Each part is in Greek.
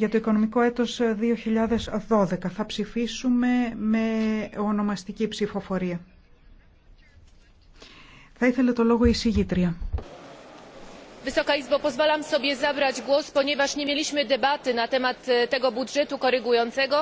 για το οικονομικό έτος 2012. Ε, θα ψηφίσουμε με ονομαστική ψηφοφορία. Θα ήθελε το λόγο η συγγήτρια. Wysoka Izbo, pozwalam sobie zabrać głos, ponieważ nie mieliśmy debaty na temat e, tego budżetu korygującego.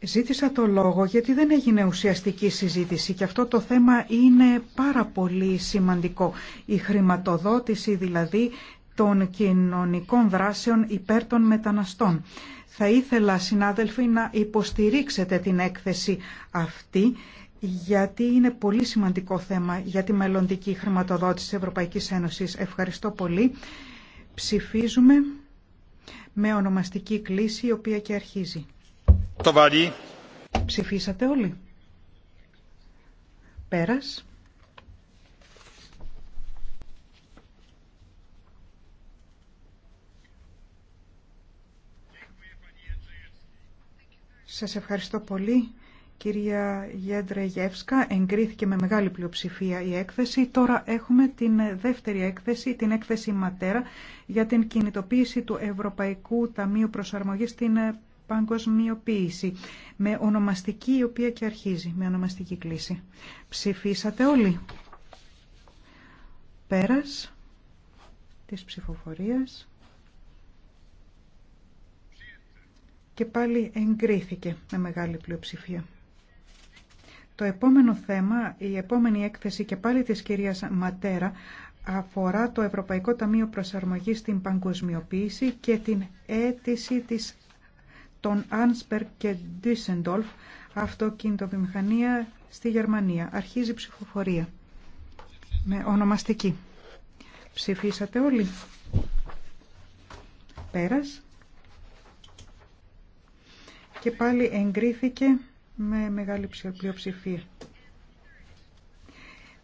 Ζήτησα το λόγο γιατί δεν έγινε ουσιαστική συζήτηση και αυτό το θέμα είναι πάρα πολύ σημαντικό. Η χρηματοδότηση δηλαδή των κοινωνικών δράσεων υπέρ των μεταναστών. Θα ήθελα, συνάδελφοι, να υποστηρίξετε την έκθεση αυτή, γιατί είναι πολύ σημαντικό θέμα για τη μελλοντική χρηματοδότηση της Ευρωπαϊκής Ένωσης. Ευχαριστώ πολύ. Ψηφίζουμε με ονομαστική κλίση, η οποία και αρχίζει. Το Ψηφίσατε όλοι. Πέρας. Σας ευχαριστώ πολύ. Κυρία Γέντρε Γεύσκα, εγκρίθηκε με μεγάλη πλειοψηφία η έκθεση. Τώρα έχουμε την δεύτερη έκθεση, την έκθεση Ματέρα, για την κινητοποίηση του Ευρωπαϊκού Ταμείου Προσαρμογής στην παγκοσμιοποίηση, με ονομαστική η οποία και αρχίζει, με ονομαστική κλίση. Ψηφίσατε όλοι. Πέρας της ψηφοφορίας. και πάλι εγκρίθηκε με μεγάλη πλειοψηφία. Το επόμενο θέμα, η επόμενη έκθεση και πάλι της κυρίας Ματέρα αφορά το Ευρωπαϊκό Ταμείο Προσαρμογής στην Παγκοσμιοποίηση και την αίτηση της, των Ansberg και Düsseldorf αυτοκινητοβιομηχανία στη Γερμανία. Αρχίζει η ψηφοφορία με ονομαστική. Ψηφίσατε όλοι. Πέρας και πάλι εγκρίθηκε με μεγάλη πλειοψηφία.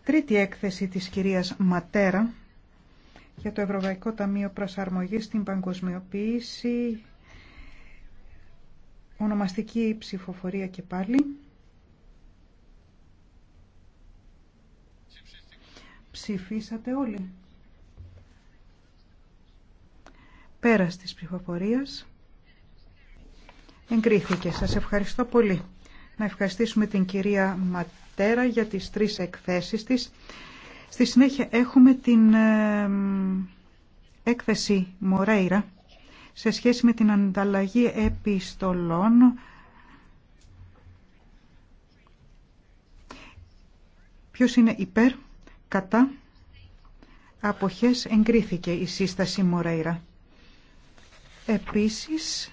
Τρίτη έκθεση της κυρίας Ματέρα για το Ευρωπαϊκό Ταμείο Προσαρμογής στην Παγκοσμιοποίηση. Ονομαστική ψηφοφορία και πάλι. Ψηφίσατε όλοι. πέρα της ψηφοφορίας. Εγκρίθηκε. Σας ευχαριστώ πολύ. Να ευχαριστήσουμε την κυρία Ματέρα για τις τρεις εκθέσεις της. Στη συνέχεια έχουμε την ε, έκθεση Μορέιρα σε σχέση με την ανταλλαγή επιστολών Ποιος είναι υπέρ, κατά, αποχές εγκρίθηκε η σύσταση Μορέιρα. Επίσης,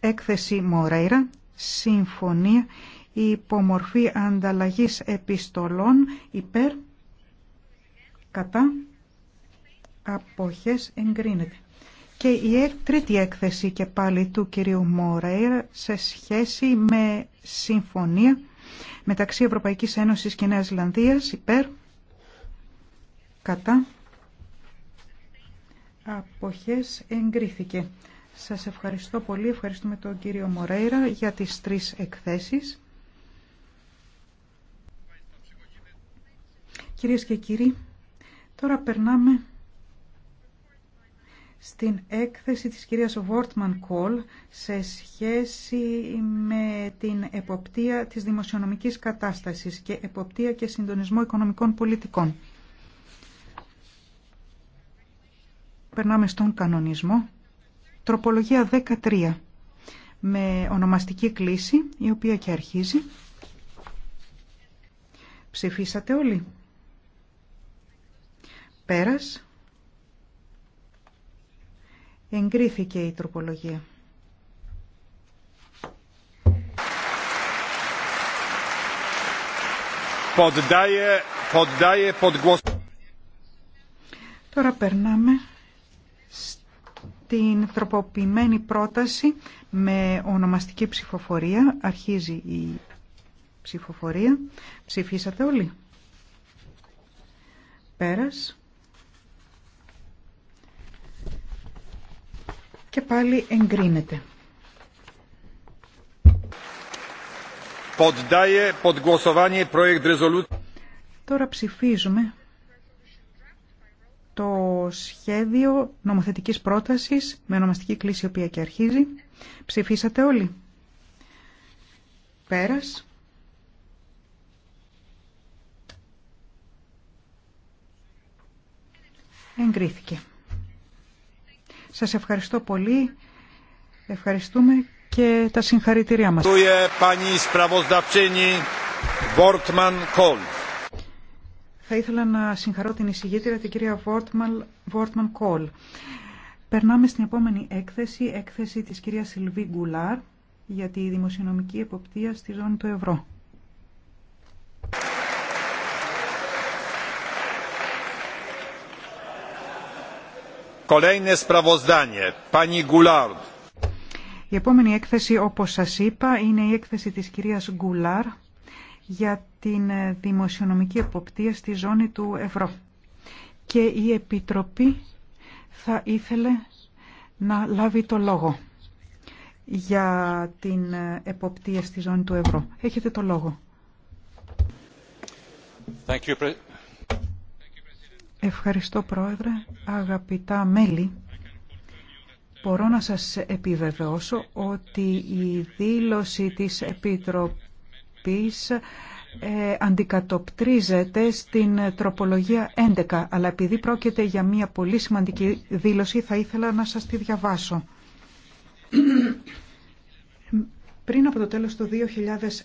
έκθεση Μορέιρα, συμφωνία υπομορφή ανταλλαγής επιστολών υπέρ κατά αποχές εγκρίνεται. Και η τρίτη έκθεση και πάλι του κυρίου Μορέιρα σε σχέση με συμφωνία μεταξύ Ευρωπαϊκής Ένωσης και Νέας Ζηλανδίας υπέρ κατά αποχές εγκρίθηκε. Σας ευχαριστώ πολύ. Ευχαριστούμε τον κύριο Μορέιρα για τις τρεις εκθέσεις. Κυρίες και κύριοι, τώρα περνάμε στην έκθεση της κυρίας Βόρτμαν Κόλ σε σχέση με την εποπτεία της δημοσιονομικής κατάστασης και εποπτεία και συντονισμό οικονομικών πολιτικών. Περνάμε στον κανονισμό. Τροπολογία 13 με ονομαστική κλίση η οποία και αρχίζει. Ψηφίσατε όλοι. Πέρας. Εγκρίθηκε η τροπολογία. Τώρα περνάμε την τροποποιημένη πρόταση με ονομαστική ψηφοφορία. Αρχίζει η ψηφοφορία. Ψηφίσατε όλοι. Πέρας. Και πάλι εγκρίνεται. Τώρα ψηφίζουμε το σχέδιο νομοθετικής πρότασης με ονομαστική κλίση η οποία και αρχίζει. Ψηφίσατε όλοι. Πέρας. Εγκρίθηκε. Σας ευχαριστώ πολύ. Ευχαριστούμε και τα συγχαρητήριά μας. Ευχαριστώ, θα ήθελα να συγχαρώ την εισηγήτρια, την κυρία Βόρτμαν Κόλ. Περνάμε στην επόμενη έκθεση, έκθεση της κυρίας Σιλβί Γκουλάρ για τη δημοσιονομική εποπτεία στη ζώνη του ευρώ. Η επόμενη έκθεση, όπως σας είπα, είναι η έκθεση της κυρίας Γκουλάρ για την ε, δημοσιονομική εποπτεία στη ζώνη του ευρώ. Και η Επιτροπή θα ήθελε να λάβει το λόγο για την ε, εποπτεία στη ζώνη του ευρώ. Έχετε το λόγο. Thank you. Ευχαριστώ Πρόεδρε, αγαπητά μέλη. Μπορώ να σας επιβεβαιώσω ότι η δήλωση της Επιτροπής ε, αντικατοπτρίζεται στην τροπολογία 11, αλλά επειδή πρόκειται για μια πολύ σημαντική δήλωση θα ήθελα να σας τη διαβάσω. Πριν από το τέλος του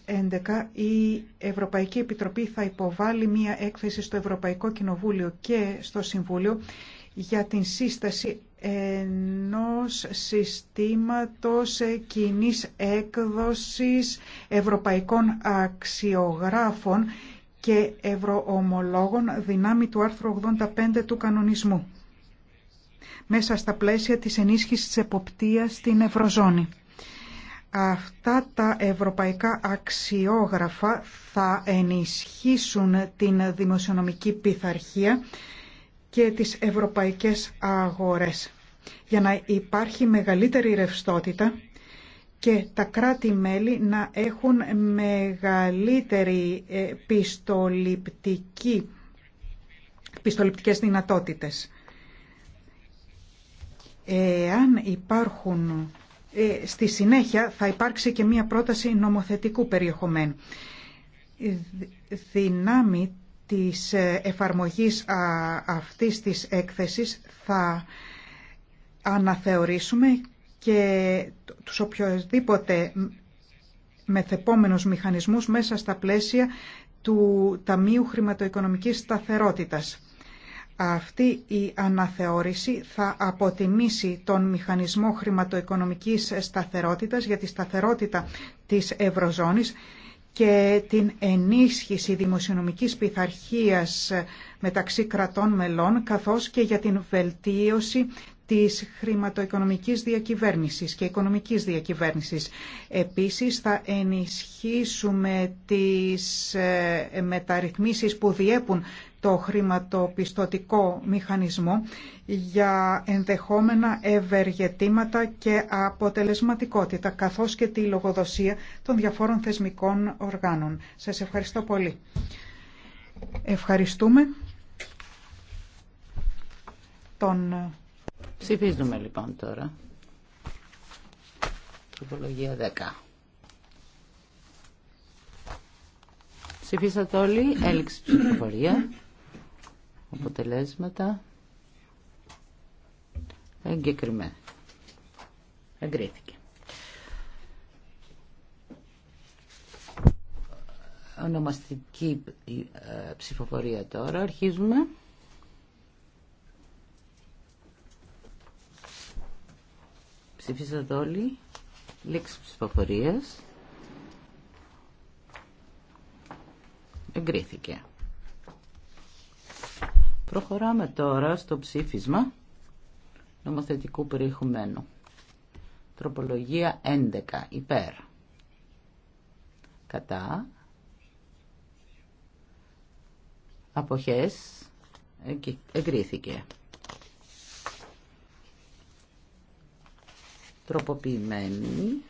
2011 η Ευρωπαϊκή Επιτροπή θα υποβάλει μία έκθεση στο Ευρωπαϊκό Κοινοβούλιο και στο Συμβούλιο για την σύσταση ενός συστήματος κοινή έκδοσης ευρωπαϊκών αξιογράφων και ευρωομολόγων δυνάμει του άρθρου 85 του κανονισμού μέσα στα πλαίσια της ενίσχυσης της εποπτείας στην Ευρωζώνη. Αυτά τα ευρωπαϊκά αξιόγραφα θα ενισχύσουν την δημοσιονομική πειθαρχία και τις ευρωπαϊκές αγορές για να υπάρχει μεγαλύτερη ρευστότητα και τα κράτη-μέλη να έχουν μεγαλύτερη ε, πιστοληπτική, πιστοληπτικές δυνατότητες. Εάν υπάρχουν, ε, στη συνέχεια θα υπάρξει και μία πρόταση νομοθετικού περιεχομένου δυνάμει της ε, εφαρμογής αυτής της έκθεσης θα αναθεωρήσουμε και τους οποιοδήποτε μεθεπόμενους μηχανισμούς μέσα στα πλαίσια του Ταμείου Χρηματοοικονομικής Σταθερότητας. Αυτή η αναθεώρηση θα αποτιμήσει τον μηχανισμό χρηματοοικονομικής σταθερότητας για τη σταθερότητα της Ευρωζώνης και την ενίσχυση δημοσιονομικής πειθαρχίας μεταξύ κρατών μελών, καθώς και για την βελτίωση της χρηματοοικονομικής διακυβέρνησης και οικονομικής διακυβέρνησης. Επίσης θα ενισχύσουμε τις ε, μεταρρυθμίσεις που διέπουν το χρηματοπιστωτικό μηχανισμό για ενδεχόμενα ευεργετήματα και αποτελεσματικότητα, καθώς και τη λογοδοσία των διαφόρων θεσμικών οργάνων. Σας ευχαριστώ πολύ. Ευχαριστούμε τον... Ψηφίζουμε λοιπόν τώρα. Τροπολογία 10. Ψηφίσατε όλοι, έληξη ψηφοφορία αποτελέσματα εγκεκριμένα. Εγκρίθηκε. Ονομαστική ε, ψηφοφορία τώρα. Αρχίζουμε. Ψηφίσατε όλοι. Λήξη ψηφοφορίας. Εγκρίθηκε. Προχωράμε τώρα στο ψήφισμα νομοθετικού περιεχομένου. Τροπολογία 11. Υπέρ. Κατά. Αποχές. Εγκρίθηκε. Τροποποιημένη.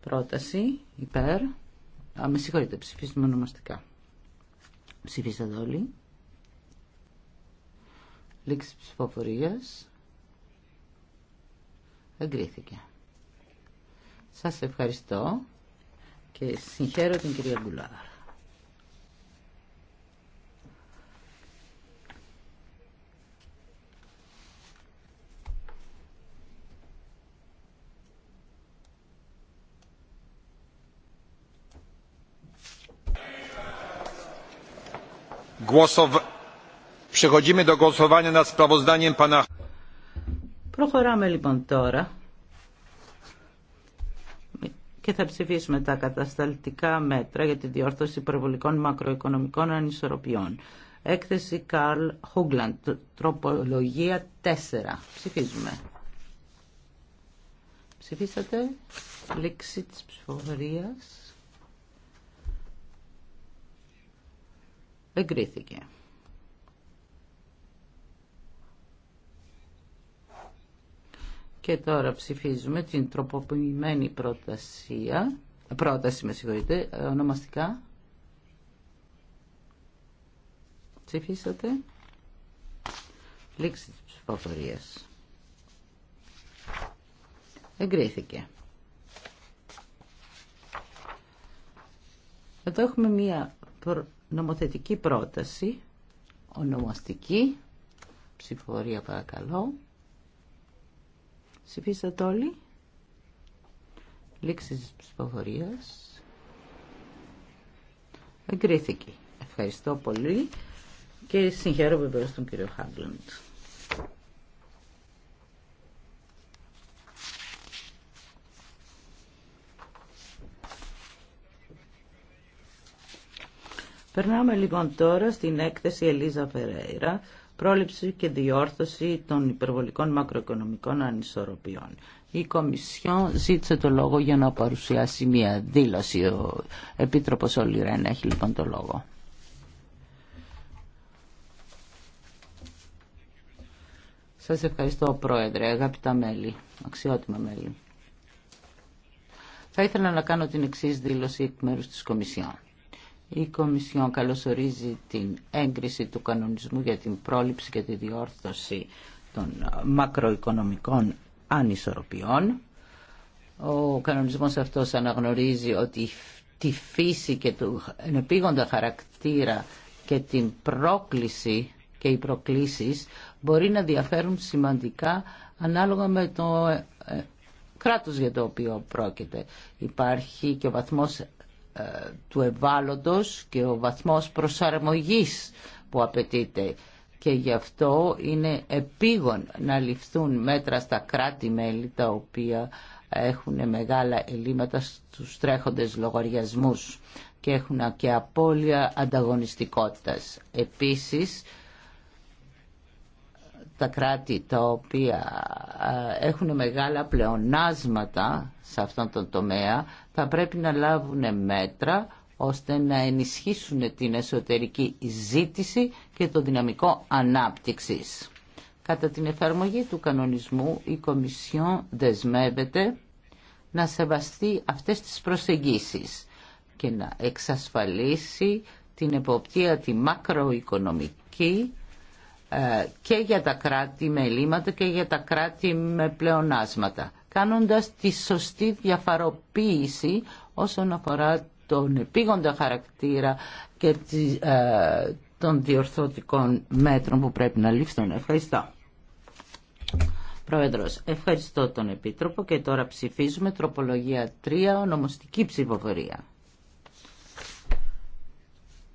Πρόταση. Υπέρ. Α, με συγχωρείτε. Ψηφίζουμε ονομαστικά. Ψηφίσατε όλοι. Λήξη ψηφοφορίας. Εγκρίθηκε. Σας ευχαριστώ και συγχαίρω την κυρία Γκουλάρα. Προχωράμε λοιπόν τώρα και θα ψηφίσουμε τα κατασταλτικά μέτρα για τη διόρθωση υπερβολικών μακροοικονομικών ανισορροπιών. Έκθεση Καρλ Χούγκλαντ, τροπολογία 4. Ψηφίζουμε. Ψηφίσατε. Λήξη της ψηφοφορίας. Εγκρίθηκε. Και τώρα ψηφίζουμε την τροποποιημένη πρότασία, πρόταση, με συγχωρείτε, ονομαστικά. Ψηφίσατε. Λήξη της ψηφοφορίας. Εγκρίθηκε. Εδώ έχουμε μία νομοθετική πρόταση, ονομαστική, ψηφοφορία παρακαλώ. Ψηφίσατε όλοι. Λήξη τη ψηφοφορία. Εγκρίθηκε. Ευχαριστώ πολύ και συγχαίρω βεβαίω τον κύριο Χάγκλαντ. Περνάμε λοιπόν τώρα στην έκθεση Ελίζα Φερέιρα πρόληψη και διόρθωση των υπερβολικών μακροοικονομικών ανισορροπιών. Η Κομισιόν ζήτησε το λόγο για να παρουσιάσει μία δήλωση. Ο Επίτροπος Ολυρέν έχει λοιπόν το λόγο. Σας ευχαριστώ Πρόεδρε, αγαπητά μέλη, αξιότιμα μέλη. Θα ήθελα να κάνω την εξής δήλωση εκ μέρους της Κομισιόν. Η Κομισιόν καλωσορίζει την έγκριση του κανονισμού για την πρόληψη και τη διόρθωση των μακροοικονομικών ανισορροπιών. Ο κανονισμός αυτός αναγνωρίζει ότι τη φύση και του ενεπίγοντα χαρακτήρα και την πρόκληση και οι προκλήσεις μπορεί να διαφέρουν σημαντικά ανάλογα με το ε, ε, κράτος για το οποίο πρόκειται. Υπάρχει και ο βαθμός ε, του ευάλωτος και ο βαθμός προσαρμογής που απαιτείται και γι' αυτό είναι επίγον να ληφθούν μέτρα στα κράτη-μέλη τα οποία έχουν μεγάλα ελλείμματα στους τρέχοντες λογαριασμούς και έχουν και απώλεια ανταγωνιστικότητας. Επίσης, τα κράτη τα οποία ε, έχουν μεγάλα πλεονάσματα σε αυτόν τον τομέα θα πρέπει να λάβουν μέτρα ώστε να ενισχύσουν την εσωτερική ζήτηση και το δυναμικό ανάπτυξης. Κατά την εφαρμογή του κανονισμού, η Κομισιόν δεσμεύεται να σεβαστεί αυτές τις προσεγγίσεις και να εξασφαλίσει την εποπτεία τη μακροοικονομική ε, και για τα κράτη με ελλείμματα και για τα κράτη με πλεονάσματα κάνοντας τη σωστή διαφαροποίηση όσον αφορά τον επίγοντα χαρακτήρα και ε, των διορθωτικών μέτρων που πρέπει να ληφθούν. Ευχαριστώ. Πρόεδρος, ευχαριστώ τον Επίτροπο και τώρα ψηφίζουμε τροπολογία 3, ονομοστική ψηφοφορία.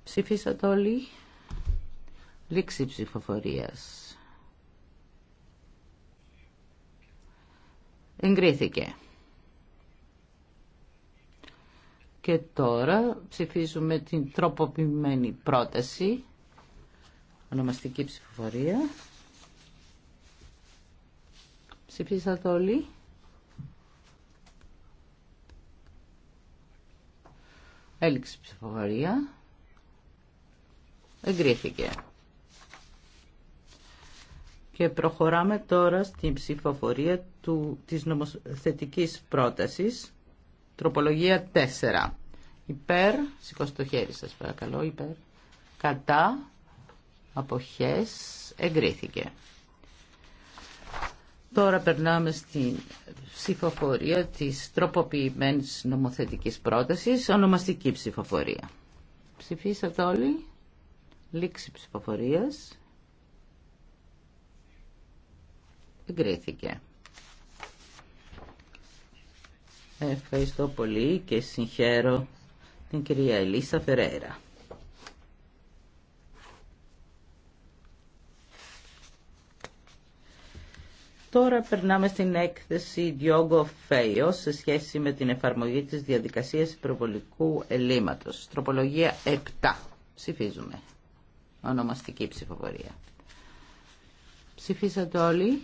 Ψηφίσατε όλοι. Λήξη ψηφοφορίας. Εγκρίθηκε. Και τώρα ψηφίζουμε την τροποποιημένη πρόταση, ονομαστική ψηφοφορία. Ψηφίσατε όλοι. Έληξη ψηφοφορία. Εγκρίθηκε. Και προχωράμε τώρα στην ψηφοφορία του, της νομοθετικής πρότασης, τροπολογία 4. Υπέρ, σηκώστε το χέρι σας παρακαλώ, υπέρ, κατά, αποχές, εγκρίθηκε. Τώρα περνάμε στην ψηφοφορία της τροποποιημένης νομοθετικής πρότασης, ονομαστική ψηφοφορία. Ψηφίσατε όλοι, λήξη ψηφοφορίας, Ευχαριστώ πολύ και συγχαίρω την κυρία Ελίσσα Φερέρα. Τώρα περνάμε στην έκθεση Διόγκο Φέιο σε σχέση με την εφαρμογή της διαδικασίας προβολικού ελλείμματος. Τροπολογία 7. Ψηφίζουμε. Ονομαστική ψηφοφορία. Ψηφίσατε όλοι.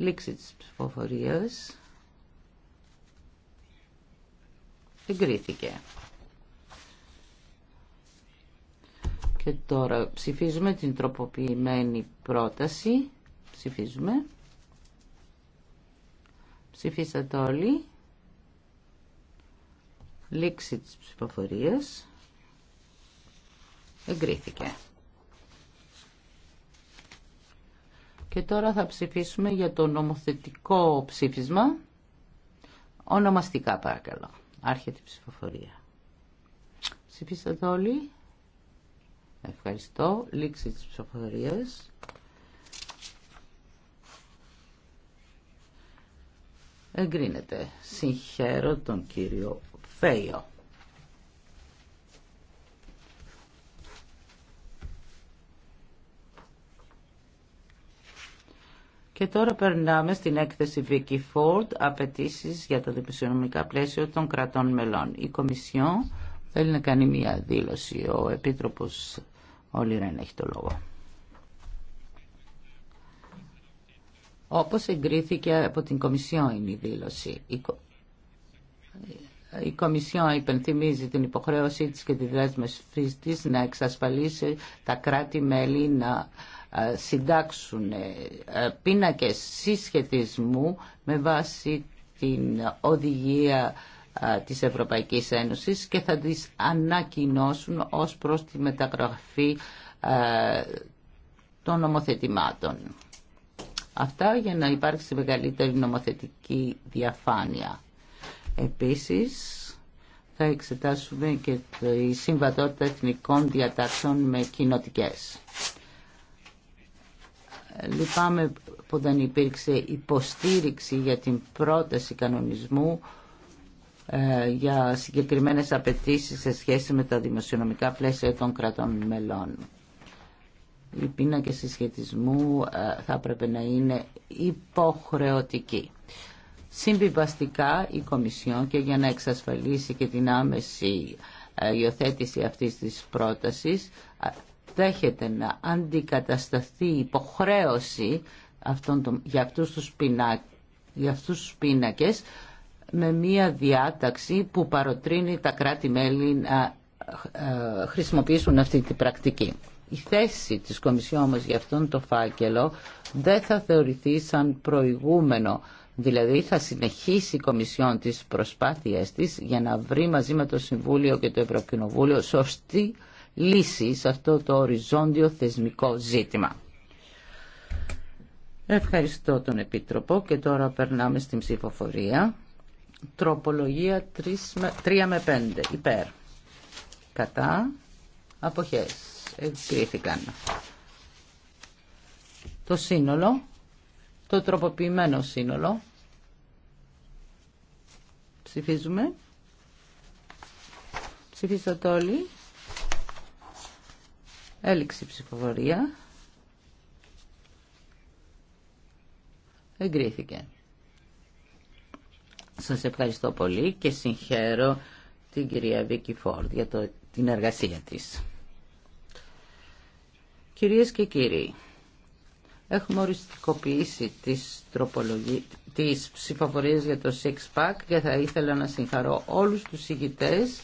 Λήξη της ψηφοφορίας. Εγκρίθηκε. Και τώρα ψηφίζουμε την τροποποιημένη πρόταση. Ψηφίζουμε. Ψηφίσατε όλοι. Λήξη της ψηφοφορίας. Εγκρίθηκε. Και τώρα θα ψηφίσουμε για το νομοθετικό ψήφισμα. Ονομαστικά παρακαλώ. Άρχεται η ψηφοφορία. Ψηφίσατε όλοι. Ευχαριστώ. Λήξη της ψηφοφορίας. Εγκρίνεται. Συγχαίρω τον κύριο Φέιο. Και τώρα περνάμε στην έκθεση Vicky Ford, απαιτήσει για τα δημοσιονομικά πλαίσιο των κρατών μελών. Η Κομισιόν θέλει να κάνει μια δήλωση. Ο Επίτροπος Όλη δεν έχει το λόγο. Όπως εγκρίθηκε από την Κομισιόν είναι η δήλωση η Κομισιόν υπενθυμίζει την υποχρέωσή της και τη δέσμευσή της να εξασφαλίσει τα κράτη-μέλη να ε, συντάξουν ε, ε, πίνακες συσχετισμού με βάση την οδηγία της Ευρωπαϊκής Ένωσης και θα τις ανακοινώσουν ως προς τη μεταγραφή των νομοθετημάτων. Αυτά για να υπάρξει μεγαλύτερη νομοθετική διαφάνεια. Επίσης, θα εξετάσουμε και τη συμβατότητα εθνικών διατάξεων με κοινοτικέ. Λυπάμαι που δεν υπήρξε υποστήριξη για την πρόταση κανονισμού ε, για συγκεκριμένες απαιτήσει σε σχέση με τα δημοσιονομικά πλαίσια των κρατών μελών. Οι και συσχετισμού ε, θα έπρεπε να είναι υποχρεωτική. Συμβιβαστικά η Κομισιόν και για να εξασφαλίσει και την άμεση ε, υιοθέτηση αυτής της πρότασης δέχεται να αντικατασταθεί η υποχρέωση αυτών των, για, αυτούς τους πινά, πίνακες με μία διάταξη που παροτρύνει τα κράτη-μέλη να ε, χρησιμοποιήσουν αυτή την πρακτική. Η θέση της Κομισιόν όμως για αυτόν το φάκελο δεν θα θεωρηθεί σαν προηγούμενο Δηλαδή θα συνεχίσει η Κομισιόν τις προσπάθειες της για να βρει μαζί με το Συμβούλιο και το Ευρωκοινοβούλιο σωστή λύση σε αυτό το οριζόντιο θεσμικό ζήτημα. Ευχαριστώ τον Επίτροπο και τώρα περνάμε στην ψηφοφορία. Τροπολογία 3 με 5 υπέρ. Κατά. Αποχές. Εγκρίθηκαν. Το σύνολο. Το τροποποιημένο σύνολο. Ψηφίζουμε. Ψηφίσατε όλοι. Έληξη ψηφοφορία. Εγκρίθηκε. Σας ευχαριστώ πολύ και συγχαίρω την κυρία Βίκη Φόρντ για το, την εργασία της. Κυρίες και κύριοι, έχουμε οριστικοποιήσει τις τροπολογίες, τις ψηφοφορίες για το Six Pack και θα ήθελα να συγχαρώ όλους τους ηγητές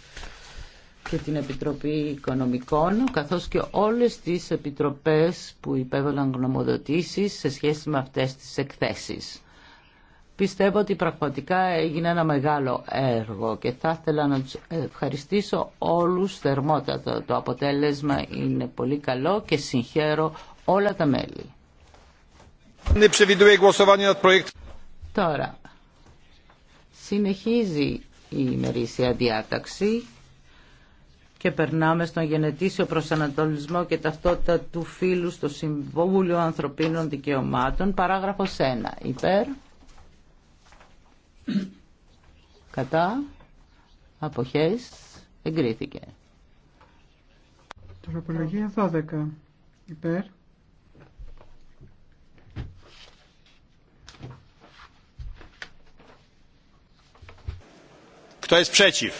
και την Επιτροπή Οικονομικών καθώς και όλες τις επιτροπές που υπέβαλαν γνωμοδοτήσεις σε σχέση με αυτές τις εκθέσεις. Πιστεύω ότι πραγματικά έγινε ένα μεγάλο έργο και θα ήθελα να τους ευχαριστήσω όλους θερμότατα. Το αποτέλεσμα είναι πολύ καλό και συγχαίρω όλα τα μέλη. Τώρα, συνεχίζει η ημερήσια διάταξη και περνάμε στον γενετήσιο προσανατολισμό και ταυτότητα του φίλου στο Συμβούλιο Ανθρωπίνων Δικαιωμάτων, παράγραφος 1. Υπέρ, κατά, αποχές, εγκρίθηκε. Τροπολογία 12. Υπέρ, Kto jest przeciw?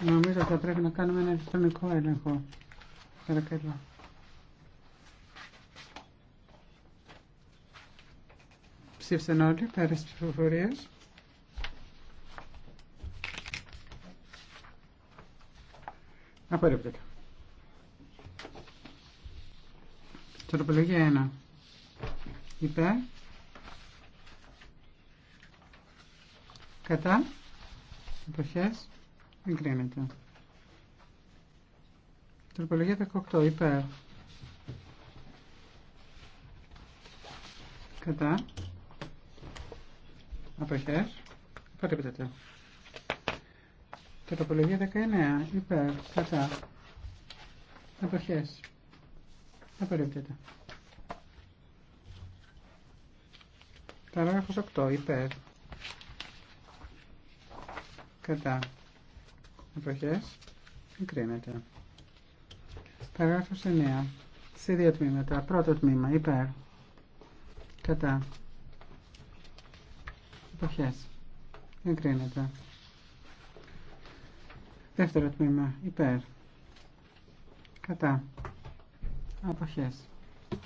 Νομίζω θα πρέπει να κάνουμε ένα ηλεκτρονικό έλεγχο. Παρακαλώ. Ψήφισαν όλοι πέρα στις ψηφοφορίες. Απορρίπτεται. Τροπολογία 1. Υπέρ. Κατά. Εποχές. Εγκρίνεται. Τροπολογία 18. Υπέρ. Κατά. Αποχές. Απορρίπτεται. Τροπολογία 19. Υπέρ. Κατά. Αποχές. Απορρίπτεται. Παράγραφος 8. Υπέρ. Κατά. Εποχές. Εγκρίνεται. Παράγραφος 9. Σε δύο τμήματα. Πρώτο τμήμα. Υπέρ. Κατά. Εποχές. Εγκρίνεται. Δεύτερο τμήμα. Υπέρ. Κατά. Αποχές.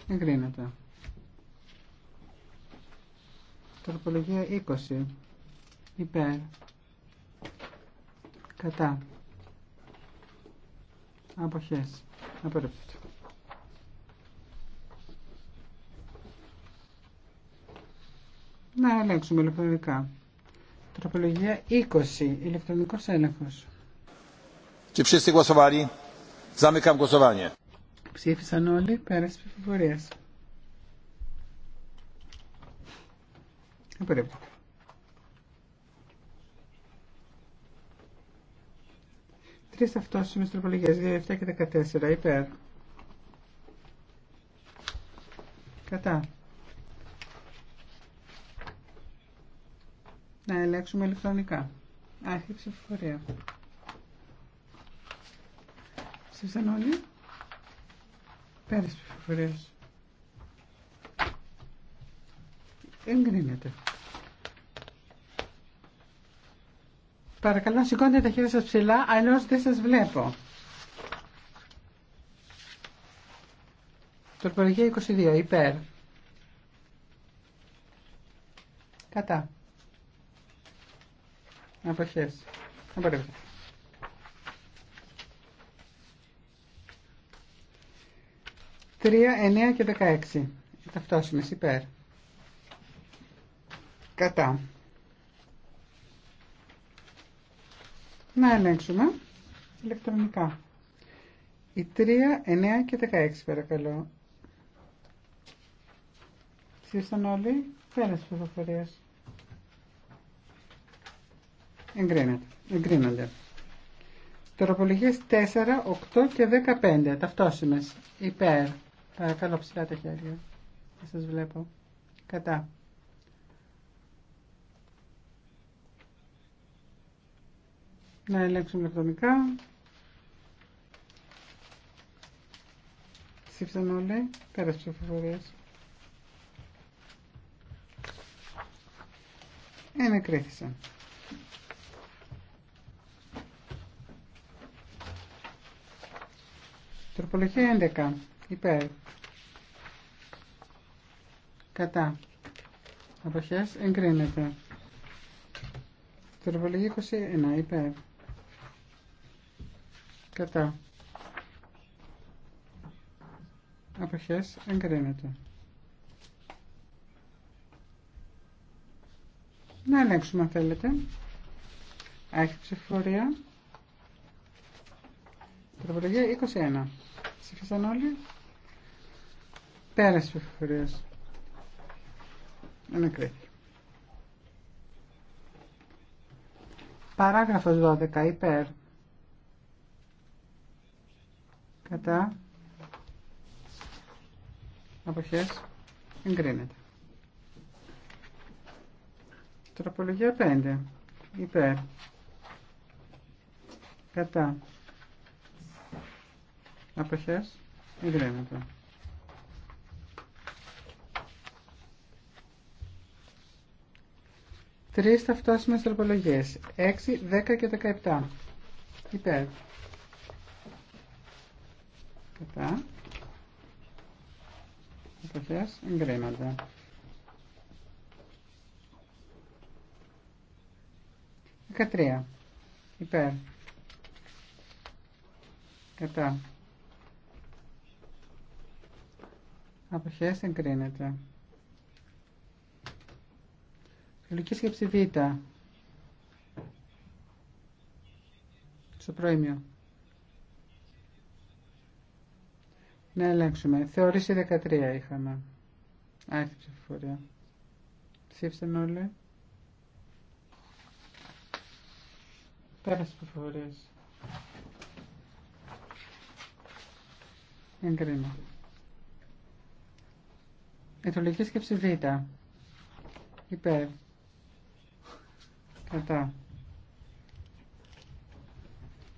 Εγκρίνεται. Τροπολογία 20. Υπέρ. Κατά. Αποχές. απορρίπτωτο Να ελέγξουμε ηλεκτρονικά. Τροπολογία 20. Ηλεκτρονικός έλεγχος. Czy wszyscy głosowali? Zamykam głosowanie. Ψήφισαν όλοι πέρα τη ψηφοφορία. Απορρίπτω. Τρει ταυτόσιμε τροπολογίε, 2, 7 και 14. Υπέρ. Κατά. Να ελέγξουμε ηλεκτρονικά. Άρχη ψηφοφορία. Ψήφισαν όλοι. Πέρα τη ψηφοφορία. Εγκρίνεται. Παρακαλώ σηκώντε τα χέρια σας ψηλά, αλλιώς δεν σας βλέπω. Τροπολογία 22, υπέρ. Κατά. Αποχές. Απορρίπτω. 3, 9 και 16. Ταυτόσιμες υπέρ. Κατά. Να ελέγξουμε ηλεκτρονικά. Η 3, 9 και 16 παρακαλώ. Ψήφισαν όλοι. Πέρα τη πληροφορία. Εγκρίνεται. Εγκρίνονται. Τροπολογίες 4, 8 και 15. Ταυτόσιμες. Υπέρ. Παρακαλώ ψηλά τα χέρια. Δεν σας βλέπω. Κατά. Να ελέγξουμε ηλεκτρονικά. Ψήφισαν όλοι. Πέρας ψηφοφορίας. Ενεκρίθησαν. Τροπολογία 11 υπέρ κατά αποχές εγκρίνεται τροπολογία 21 υπέρ κατά αποχές εγκρίνεται να ελέγξουμε αν θέλετε Έχει ψηφορία. τροπολογία 21 ψήφισαν όλοι Πέρας ψηφοφορίας. Ανακρίθηκε. Παράγραφος 12. Υπέρ. Κατά. Αποχές. Εγκρίνεται. Τροπολογία 5. Υπέρ. Κατά. Αποχές. Εγκρίνεται. Τρεις ταυτόσιμες τροπολογίες. Έξι, δέκα και δεκαεπτά. Υπέρ. Κατά. Επαθές Εγκρίνονται. Δεκατρία. Υπέρ. Κατά. Αποχές εγκρίνεται. Λογική σκέψη Β. Στο προήμιο. Να ελέγξουμε. Θεώρηση 13 είχαμε. Άρχισε ψηφοφορία. Ψήφισαν όλοι. Πέρασε ψηφοφορία. Εγκρίνω. Ιδεολογική σκέψη Β. Υπέρ. Κατά.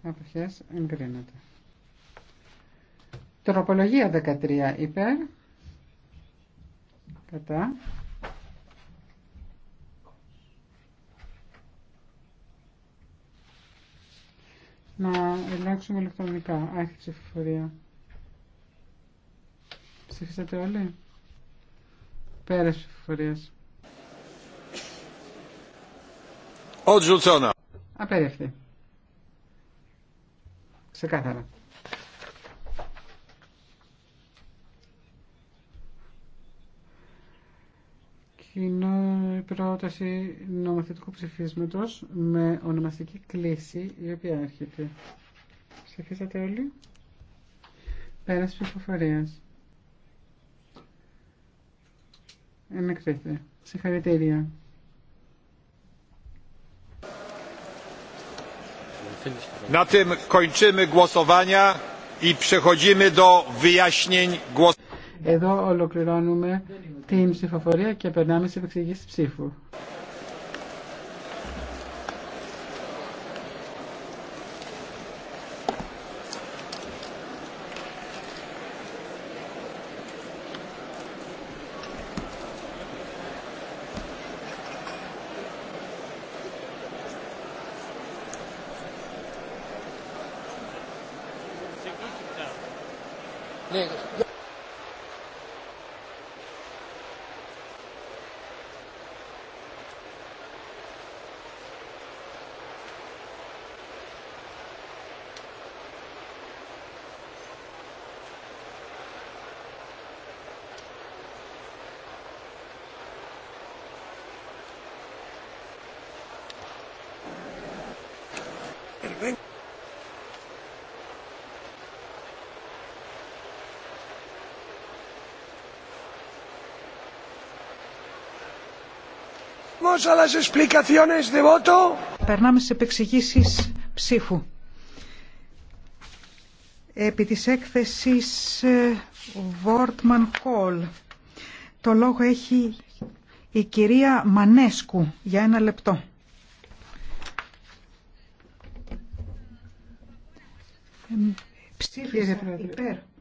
Αποχές εγκρίνεται. Τροπολογία 13 υπέρ. Κατά. Να ελέγξουμε ηλεκτρονικά. Άρχη ψηφοφορία. Ψηφίσατε όλοι. πέρα ψηφοφορίας. Odrzucona. Ξεκάθαρα. Κοινό πρόταση νομοθετικού ψηφίσματος με ονομαστική κλίση η οποία έρχεται. Ψηφίσατε όλοι. Πέρας ψηφοφορίας. Ενεκρίθη. Συγχαρητήρια. Na tym kończymy głosowania i przechodzimy do wyjaśnień głosowania. Εδώ ολοκληρώνουμε την ψηφοφορία και περνάμε σε επεξηγήσεις ψήφου. Περνάμε στι επεξηγήσει ψήφου. Επί της έκθεσης ε, Βόρτμαν Κόλ. Το λόγο έχει η κυρία Μανέσκου για ένα λεπτό. Ψήφισε υπέρ.